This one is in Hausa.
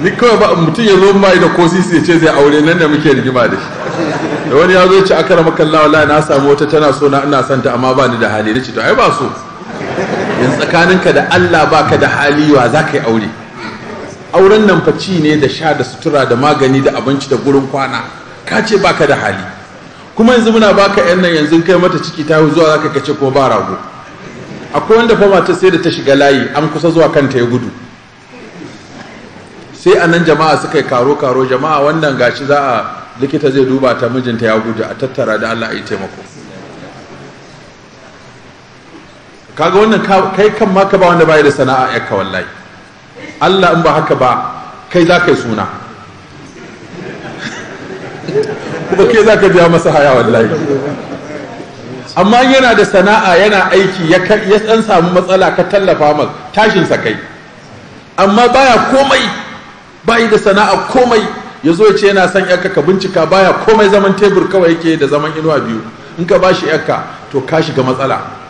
ni kawai ba mutum ya zo mai da ko sisi ya ce zai aure nan da muke rigima da shi da wani ya zo ya aka akara makalla wallahi na samu wata tana so na ina son ta amma ba ni da hali nace to ai ba so yanzu tsakaninka da Allah ba ka da hali wa za ka yi aure auren nan faci ne da sha da sutura da magani da abinci da gurin kwana ka ce ba ka da hali kuma yanzu muna baka yan nan yanzu kai mata ciki ta zuwa za ka kace kuma ba rago akwai wanda fa mata sai da ta shiga layi an kusa zuwa kanta ya gudu sai a nan jama'a suka yi karo-karo jama'a wannan gashi za a likita zai duba ta mijinta ya guji, a tattara da allah a yi taimako kaga wannan kai kan ma ka ba wanda bai da sana'a ka wallahi allah in ba haka ba kai za ka yi suna kuma kai za ka biya masa haya wallahi amma yana da sana'a yana aiki ya san samu matsala ka tallafa masa tashinsa kai amma baya komai bayi da sana'a komai ya zo ce yana son yarka ka bincika baya komai zaman tebur kawai yake da zaman inuwa biyu in ka ba shi yarka to ka shiga matsala